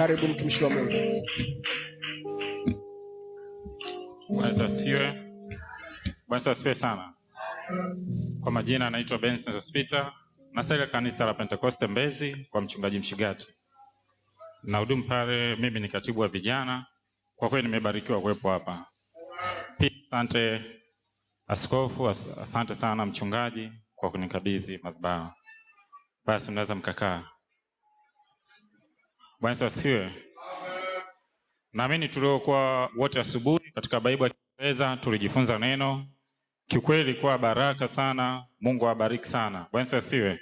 Karibu mtumishi wa Mungu. Bwana asifiwe. Bwana sana. Kwa majina anaitwa Benson Hospita, nasalia kanisa la Pentekoste Mbezi kwa mchungaji Mshigati na hudumu pale. Mimi ni katibu wa vijana. Kwa kweli nimebarikiwa kuwepo hapa. Asante askofu, asante sana mchungaji kwa kunikabidhi madhabahu. Basi mnaweza mkakaa. Bwana Yesu asifiwe. Naamini tuliokuwa wote asubuhi katika Baibu ya Kiingereza tulijifunza neno kiukweli, kwa baraka sana. Mungu awabariki sana. Bwana Yesu asifiwe.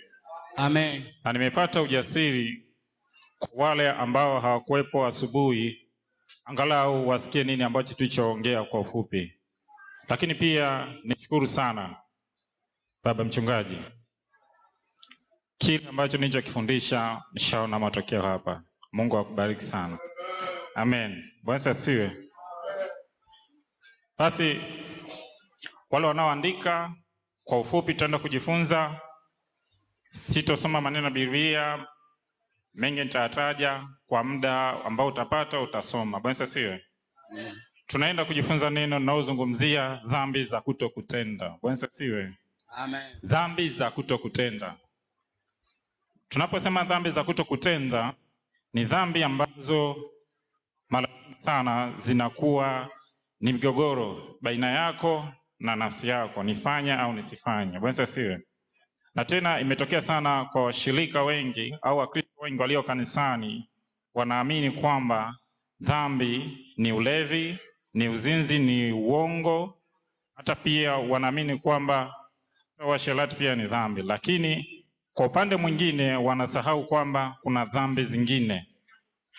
Amen. Na nimepata ujasiri kwa wale ambao hawakuwepo asubuhi, angalau wasikie nini ambacho tulichoongea kwa ufupi, lakini pia nishukuru sana baba mchungaji, kile ambacho nilichokifundisha nishaona matokeo hapa. Mungu akubariki sana. Amen. Bwana asiwe. Basi wale wanaoandika kwa ufupi, tutaenda kujifunza. Sitosoma maneno ya Biblia mengi, nitayataja kwa muda ambao utapata, utasoma. Bwana asiwe. Tunaenda kujifunza neno linalozungumzia dhambi za kutokutenda. Bwana asiwe. Amen. Dhambi za kutokutenda. Tunaposema dhambi za kutokutenda ni dhambi ambazo mara sana zinakuwa ni mgogoro baina yako na nafsi yako, nifanya au nisifanye. Bwana asiwe. Na tena imetokea sana kwa washirika wengi au Wakristo wengi walio kanisani, wanaamini kwamba dhambi ni ulevi, ni uzinzi, ni uongo. Hata pia wanaamini kwamba washerati pia ni dhambi, lakini kwa upande mwingine, wanasahau kwamba kuna dhambi zingine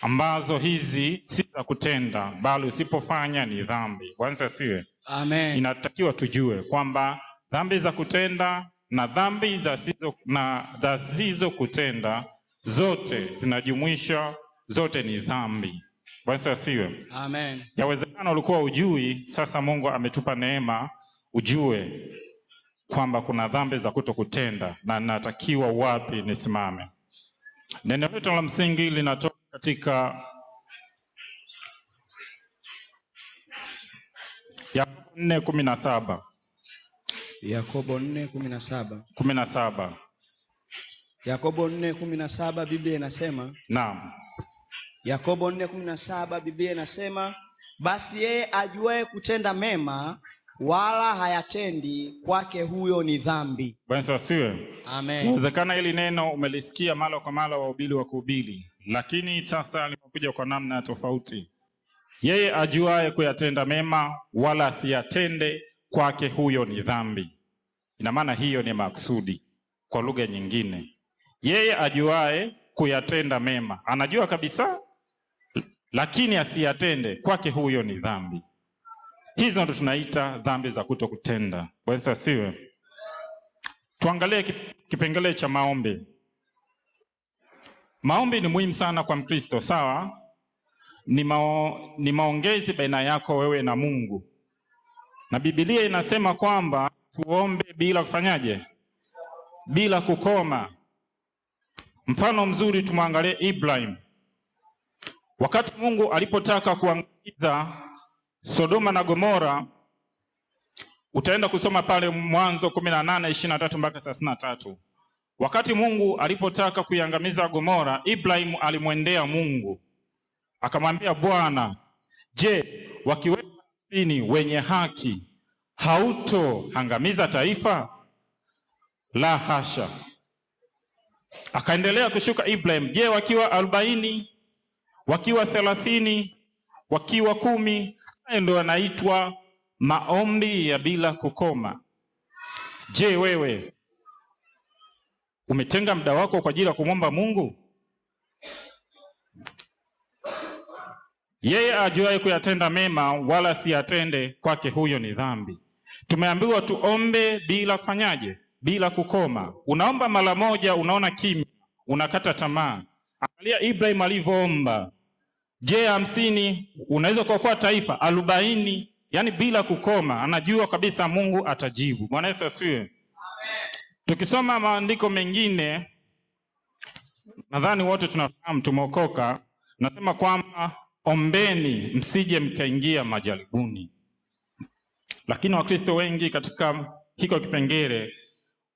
ambazo hizi si za kutenda, bali usipofanya ni dhambi. Kwanza siwe Amen. Inatakiwa tujue kwamba dhambi za kutenda na dhambi za sizo kutenda zote zinajumuisha, zote ni dhambi. Bwana asiwe Amen. Yawezekana ulikuwa ujui, sasa Mungu ametupa neema ujue kwamba kuna dhambi za kutokutenda na natakiwa wapi nisimame. Neno letu la msingi linatoka katika Yakobo nne kumi na saba Yakobo nne kumi na saba kumi na saba Yakobo nne kumi na saba Biblia inasema naam. Yakobo nne kumi na saba Biblia inasema basi yeye ajuaye kutenda mema wala hayatendi kwake huyo ni dhambi. Bwana Amen. Inawezekana hili neno umelisikia mara kwa mara waubili wa kuhubiri, lakini sasa limekuja kwa namna tofauti. Yeye ajuaye kuyatenda mema wala asiyatende kwake huyo ni dhambi. Ina maana hiyo ni maksudi. Kwa lugha nyingine, yeye ajuaye kuyatenda mema anajua kabisa, lakini asiyatende kwake huyo ni dhambi. Hizo ndo tunaita dhambi za kuto kutenda. Bwana asiwe. Tuangalie kipengele cha maombi. Maombi ni muhimu sana kwa Mkristo, sawa? Ni, mao, ni maongezi baina yako wewe na Mungu, na Biblia inasema kwamba tuombe bila kufanyaje? Bila kukoma. Mfano mzuri tumwangalie Ibrahim, wakati Mungu alipotaka kuangamiza Sodoma na Gomora utaenda kusoma pale Mwanzo kumi na nane na tatu mpaka thelathini na tatu. Wakati Mungu alipotaka kuiangamiza Gomora, Ibrahimu alimwendea Mungu akamwambia, Bwana, je, wakiwepo hamsini wenye haki hautoangamiza taifa? La hasha. Akaendelea kushuka Ibrahimu, je, wakiwa arobaini, wakiwa thelathini, wakiwa kumi Hayo ndio yanaitwa maombi ya bila kukoma. Je, wewe umetenga muda wako kwa ajili ya kumwomba Mungu? Yeye ajuaye kuyatenda mema wala siyatende kwake, huyo ni dhambi. Tumeambiwa tuombe bila kufanyaje? Bila kukoma. Unaomba mara moja, unaona kimya, unakata tamaa. Angalia Ibrahim alivyoomba Je, hamsini unaweza kuokoa taifa arobaini, yani bila kukoma, anajua kabisa Mungu atajibu. Bwana Yesu asifiwe, Tukisoma maandiko mengine, nadhani wote tunafahamu, tumeokoka. Nasema kwamba ombeni msije mkaingia majaribuni, lakini Wakristo wengi katika hiko kipengele,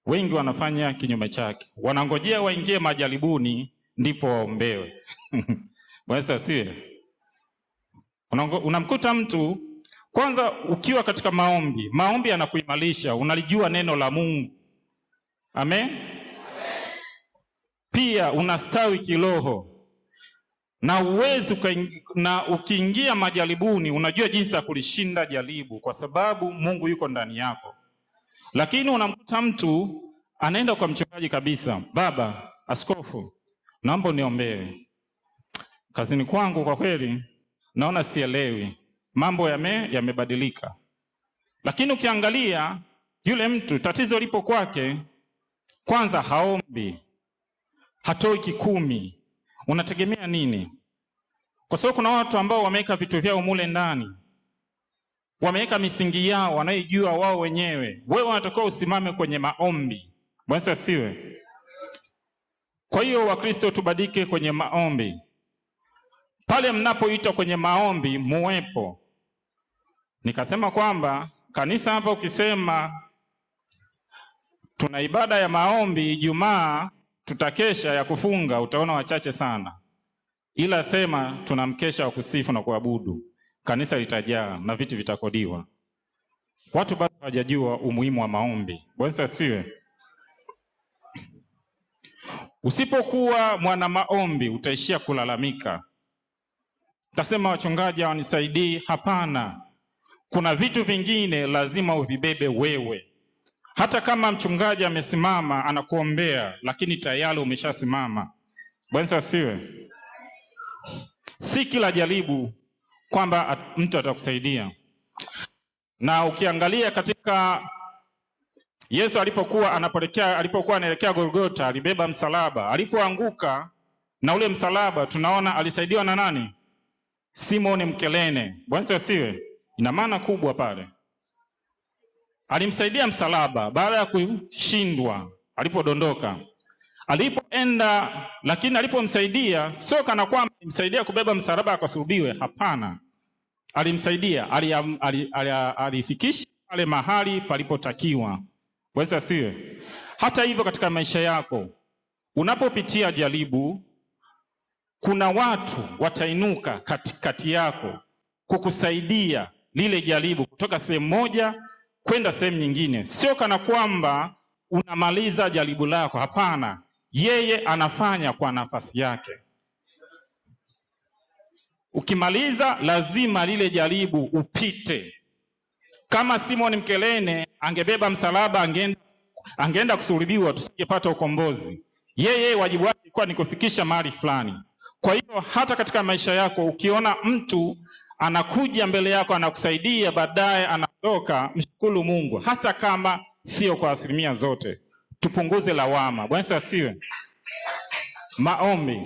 wengi wanafanya kinyume chake, wanangojea waingie majaribuni ndipo waombewe Bwana asiye. Unamkuta mtu kwanza, ukiwa katika maombi, maombi yanakuimarisha, unalijua neno la Mungu. Amen, amen. Pia unastawi kiroho na uwezi na ukiingia majaribuni unajua jinsi ya kulishinda jaribu, kwa sababu Mungu yuko ndani yako. Lakini unamkuta mtu anaenda kwa mchungaji kabisa, baba askofu, naomba uniombee Kazini kwangu kwa kweli naona sielewi, mambo yame yamebadilika. Lakini ukiangalia yule mtu, tatizo lipo kwake. Kwanza haombi, hatoi kikumi. Unategemea nini? Kwa sababu kuna watu ambao wameweka vitu vyao mule ndani, wameweka misingi yao wanaijua wao wenyewe. Wewe unatakiwa usimame kwenye maombi. Bwana asiwe. Kwa hiyo Wakristo tubadilike kwenye maombi pale mnapoitwa kwenye maombi muwepo. Nikasema kwamba kanisa hapa, ukisema tuna ibada ya maombi Ijumaa, tutakesha ya kufunga, utaona wachache sana, ila sema tuna mkesha wa kusifu na kuabudu, kanisa litajaa na viti vitakodiwa. Watu bado hawajajua umuhimu wa maombi. Bwana asiwe. Usipokuwa mwana maombi, utaishia kulalamika. Tasema wachungaji hawanisaidii. Hapana, kuna vitu vingine lazima uvibebe wewe. Hata kama mchungaji amesimama anakuombea, lakini tayari umeshasimama. Bwana asiwe. Si kila jaribu kwamba mtu atakusaidia. Na ukiangalia katika Yesu alipokuwa anapoelekea, alipokuwa anaelekea Golgotha, alibeba msalaba. Alipoanguka na ule msalaba, tunaona alisaidiwa na nani? Simon Mkelene, bwana asiwe, ina maana kubwa pale. Alimsaidia msalaba baada ya kushindwa alipodondoka, alipoenda. Lakini alipomsaidia sio kana kwamba alimsaidia kubeba msalaba akasulubiwe. Hapana, alimsaidia alifikisha ali, ali, ali, ali pale mahali palipotakiwa. Bwana asiwe. Hata hivyo katika maisha yako unapopitia jaribu kuna watu watainuka katikati yako kukusaidia lile jaribu kutoka sehemu moja kwenda sehemu nyingine. Sio kana kwamba unamaliza jaribu lako, hapana. Yeye anafanya kwa nafasi yake. Ukimaliza lazima lile jaribu upite. Kama Simon Mkelene angebeba msalaba, angeenda, angeenda kusulubiwa, tusingepata ukombozi. Yeye wajibu wake ilikuwa ni kufikisha mahali fulani. Kwa hiyo hata katika maisha yako ukiona mtu anakuja mbele yako anakusaidia, baadaye anaondoka, mshukuru Mungu, hata kama sio kwa asilimia zote. Tupunguze lawama. Bwana asiwe. Maombi.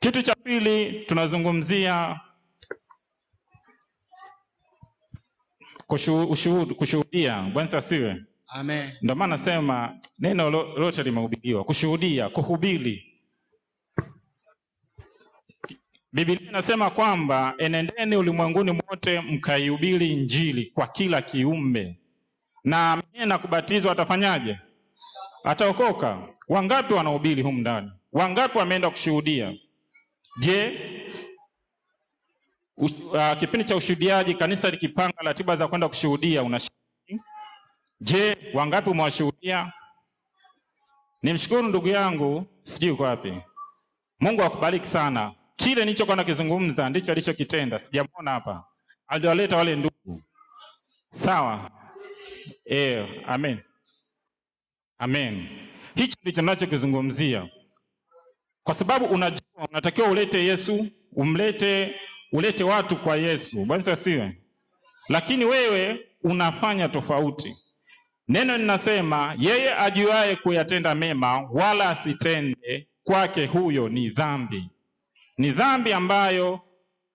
Kitu cha pili tunazungumzia kushuhudia. Kushuhudia. Bwana asiwe. Amen. Ndio maana nasema neno lote limehubiriwa, kushuhudia, kuhubiri Biblia inasema kwamba enendeni ulimwenguni mwote mkaihubiri Injili kwa kila kiumbe, na aminiye na kubatizwa atafanyaje? Ataokoka. Wangapi wanahubiri humu ndani? Wangapi wameenda kushuhudia? Je, uh, kipindi cha ushuhudiaji kanisa likipanga ratiba za kwenda kushuhudia unashuhudia? Je, wangapi umewashuhudia? Nimshukuru ndugu yangu, sijui uko wapi. Mungu akubariki sana kile nilichokuwa nakizungumza ndicho alichokitenda. Sijamwona hapa, aliwaleta wale ndugu. Sawa, eh, amen, amen. Hicho ndicho ninachokizungumzia, kwa sababu unajua unatakiwa ulete Yesu, umlete ulete watu kwa Yesu. Bwana asiwe, lakini wewe unafanya tofauti. Neno linasema yeye ajuaye kuyatenda mema wala asitende kwake, huyo ni dhambi ni dhambi ambayo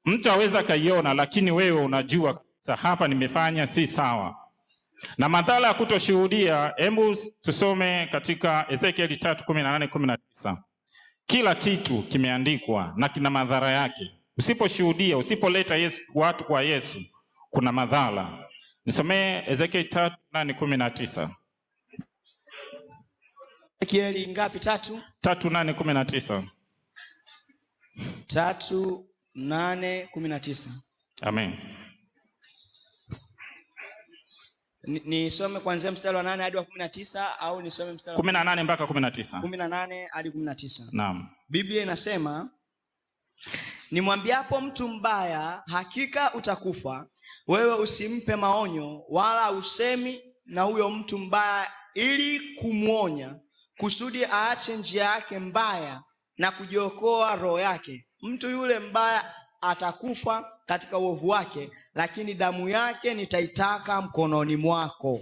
mtu aweza kaiona, lakini wewe unajua sasa, hapa nimefanya si sawa. Na madhara ya kutoshuhudia, hebu tusome katika Ezekieli 3:18 19, kila kitu kimeandikwa na kina madhara yake. Usiposhuhudia, usipoleta Yesu, watu kwa Yesu, kuna madhara. Nisomee Ezekieli 318 19 Ezekieli ngapi? 3 3:8-19 tatu nane kumi na tisa. Amen. Nisome ni kuanzia mstari wa nane hadi wa kumi na tisa au nisome mstari wa kumi na nane mpaka kumi na tisa? Kumi na nane hadi kumi na tisa. Naam. Biblia inasema nimwambiapo mtu mbaya, hakika utakufa, wewe usimpe maonyo, wala usemi na huyo mtu mbaya ili kumwonya, kusudi aache njia yake mbaya na kujiokoa roho yake. Mtu yule mbaya atakufa katika uovu wake, lakini damu yake nitaitaka mkononi mwako.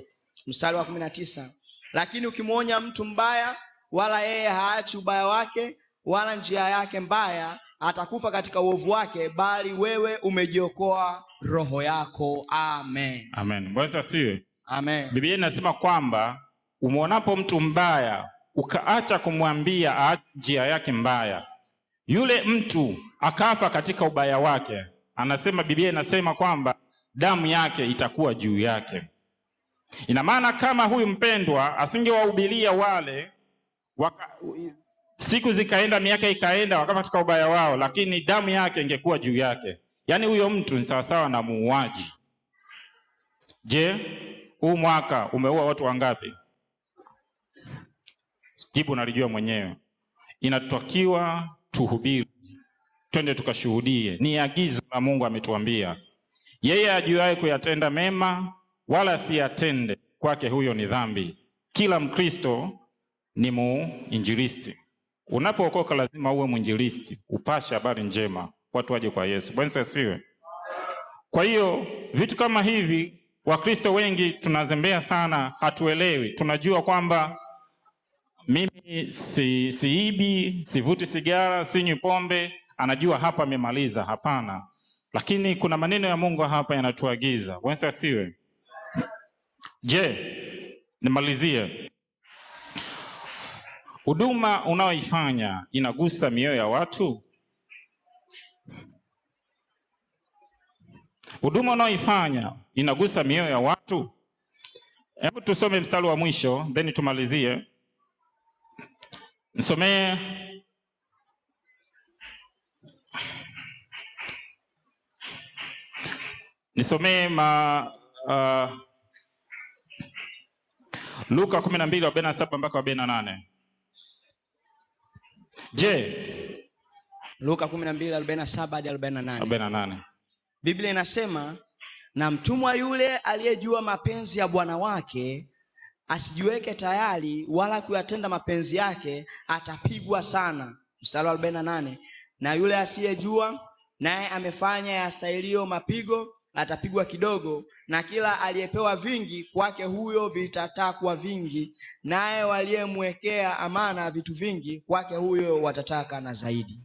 Mstari wa kumi na tisa. Lakini ukimwonya mtu mbaya, wala yeye haachi ubaya wake wala njia yake mbaya, atakufa katika uovu wake, bali wewe umejiokoa roho yako. Amen, amen. Bwana asifiwe. Amen. Biblia inasema kwamba umwonapo mtu mbaya ukaacha kumwambia njia yake mbaya, yule mtu akafa katika ubaya wake, anasema Biblia inasema kwamba damu yake itakuwa juu yake. Ina maana kama huyu mpendwa asingewahubiria wale waka, siku zikaenda miaka ikaenda, wakafa katika ubaya wao, lakini damu yake ingekuwa juu yake. Yaani huyo mtu ni sawasawa na muuaji. Je, huu mwaka umeua watu wangapi? Jibu nalijua mwenyewe. Inatakiwa tuhubiri, twende tukashuhudie. Ni agizo la Mungu, ametuambia yeye ajuaye kuyatenda mema wala siyatende, kwake huyo ni dhambi. Kila Mkristo ni muinjilisti. Unapookoka lazima uwe mwinjilisti, upashe habari njema, watu waje kwa Yesu. Bwana asiwe. Kwa hiyo vitu kama hivi Wakristo wengi tunazembea sana, hatuelewi. Tunajua kwamba mimi si siibi, sivuti sigara, sinywi pombe, anajua hapa amemaliza. Hapana, lakini kuna maneno ya Mungu hapa yanatuagiza. Bwana siwe Je, nimalizie, huduma unaoifanya inagusa mioyo ya watu? Huduma unaoifanya inagusa mioyo ya watu? Hebu tusome mstari wa mwisho then tumalizie. Nisomee nisomee ma uh, Luka 12:47 mpaka 48. Je, Luka 12:47 hadi 48. 48. Biblia inasema na mtumwa yule aliyejua mapenzi ya bwana wake asijiweke tayari wala kuyatenda mapenzi yake, atapigwa sana. Mstari wa 48, na yule asiyejua naye amefanya yastahilio mapigo, atapigwa kidogo. Na kila aliyepewa vingi, kwake huyo vitatakwa vingi, naye waliyemwekea amana vitu vingi, kwake huyo watataka na zaidi.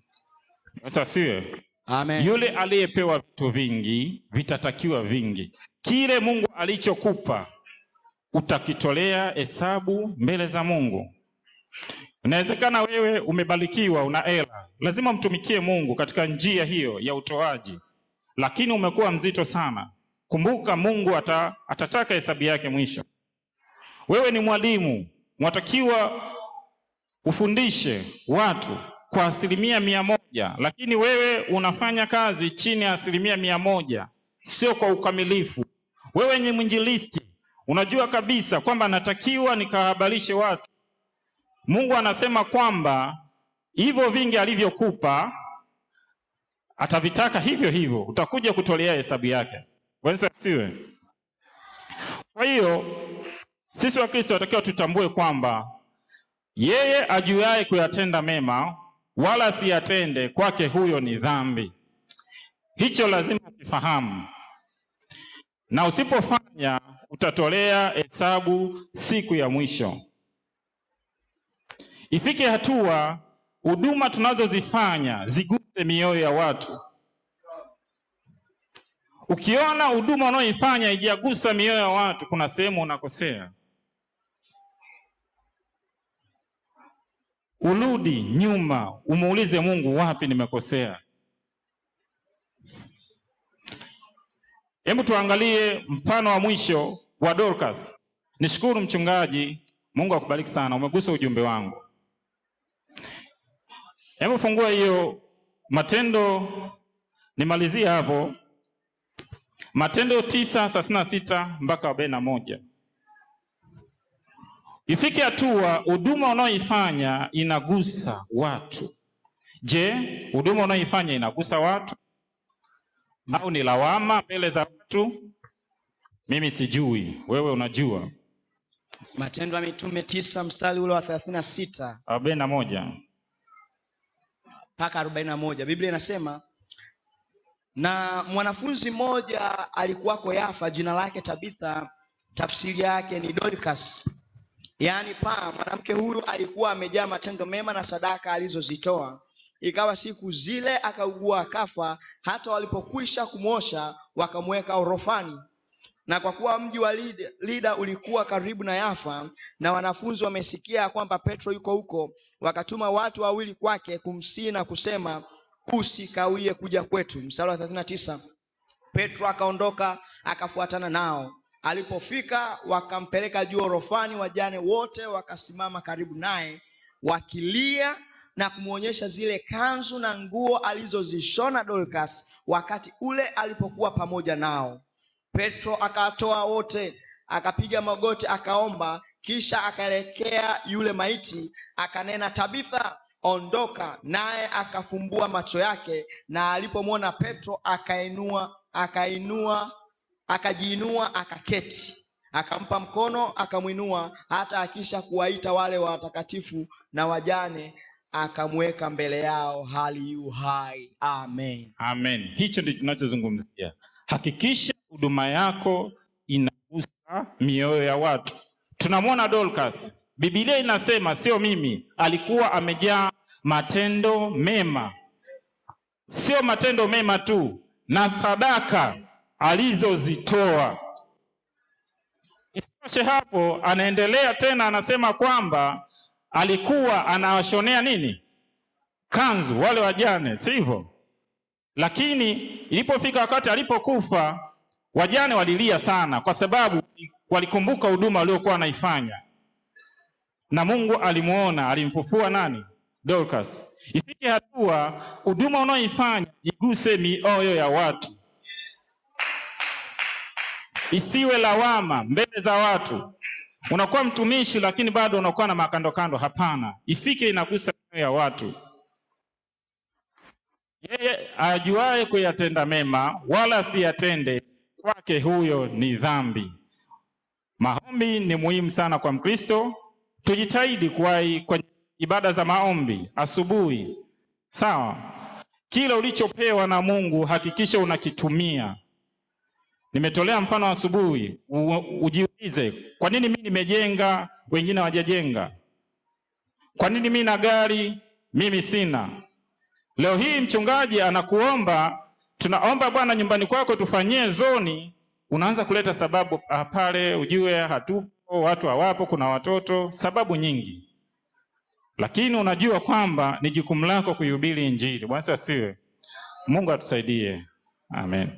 Asifiwe. Amen. Yule aliyepewa vitu vingi vitatakiwa vingi, kile Mungu alichokupa utakitolea hesabu mbele za Mungu. Inawezekana wewe umebarikiwa, una hela, lazima mtumikie Mungu katika njia hiyo ya utoaji, lakini umekuwa mzito sana. Kumbuka Mungu ata, atataka hesabu yake mwisho. Wewe ni mwalimu, unatakiwa ufundishe watu kwa asilimia mia moja, lakini wewe unafanya kazi chini ya asilimia mia moja, sio kwa ukamilifu. Wewe ni mwinjilisti unajua kabisa kwamba natakiwa nikahabarishe watu. Mungu anasema kwamba hivyo vingi alivyokupa atavitaka hivyo hivyo, utakuja kutolea hesabu yake. Wensiwe. Kwa hiyo sisi Wakristo natakiwa tutambue kwamba yeye ajuaye kuyatenda mema wala siyatende kwake huyo ni dhambi. Hicho lazima ukifahamu, na usipofanya utatolea hesabu siku ya mwisho. Ifike hatua huduma tunazozifanya ziguse mioyo ya watu. Ukiona huduma unayoifanya ijagusa mioyo ya watu, kuna sehemu unakosea. Urudi nyuma, umuulize Mungu, wapi nimekosea? Hebu tuangalie mfano wa mwisho wa Dorcas. Nishukuru mchungaji, Mungu akubariki sana, umegusa ujumbe wangu. Hebu fungua hiyo Matendo, nimalizie hapo Matendo tisa thelathini na sita mpaka arobaini na moja. Ifike hatua huduma unaoifanya inagusa watu. Je, huduma unaoifanya inagusa watu au ni lawama mbele za watu? Mimi sijui, wewe unajua. Matendo ya Mitume tisa mstari ule wa thelathini na sita arobaini na moja mpaka arobaini na moja Biblia inasema na mwanafunzi mmoja alikuwako Yafa, jina lake Tabitha, tafsiri yake ni Dorcas, yaani pa Mwanamke huyu alikuwa amejaa matendo mema na sadaka alizozitoa. Ikawa siku zile akaugua akafa, hata walipokwisha kumwosha wakamweka orofani. Na kwa kuwa mji wa Lida ulikuwa karibu na Yafa, na wanafunzi wamesikia kwamba Petro yuko huko, wakatuma watu wawili kwake kumsii na kusema, usikawie kuja kwetu. Mstari wa tisa. Petro akaondoka akafuatana nao. Alipofika wakampeleka juu orofani, wajane wote wakasimama karibu naye wakilia na kumwonyesha zile kanzu na nguo alizozishona Dorcas wakati ule alipokuwa pamoja nao. Petro akatoa wote, akapiga magoti, akaomba, kisha akaelekea yule maiti, akanena Tabitha, ondoka. Naye akafumbua macho yake, na alipomwona Petro akainua akainua akajiinua akaketi akampa mkono akamwinua, hata akisha kuwaita wale watakatifu na wajane akamweka mbele yao hali yu hai. Amen, amen. Hicho ndicho tunachozungumzia, hakikisha huduma yako inagusa mioyo ya watu. Tunamwona Dorcas, Biblia inasema sio mimi, alikuwa amejaa matendo mema, sio matendo mema tu na sadaka alizozitoa. Isitoshe hapo, anaendelea tena, anasema kwamba alikuwa anawashonea nini, kanzu wale wajane, sivyo? Lakini ilipofika wakati alipokufa Wajane walilia sana, kwa sababu walikumbuka huduma waliokuwa wanaifanya, na Mungu alimuona, alimfufua nani? Dorcas. Ifike hatua huduma unaoifanya iguse mioyo ya watu, isiwe lawama mbele za watu. Unakuwa mtumishi lakini bado unakuwa na makandokando. Hapana, ifike inagusa mioyo ya watu. Yeye ajuaye kuyatenda mema wala asiyatende kwake huyo ni dhambi. Maombi ni muhimu sana kwa Mkristo. Tujitahidi kuwahi kwenye ibada za maombi asubuhi, sawa. Kila ulichopewa na Mungu hakikisha unakitumia. Nimetolea mfano asubuhi, ujiulize, kwa nini mimi nimejenga, wengine hawajajenga? Kwa nini mimi na gari, mimi sina? Leo hii mchungaji anakuomba tunaomba bwana nyumbani kwako tufanyie zoni, unaanza kuleta sababu ah, pale, ujue hatupo, watu hawapo, kuna watoto, sababu nyingi, lakini unajua kwamba ni jukumu lako kuihubiri Injili. Bwana asiwe, Mungu atusaidie, amen.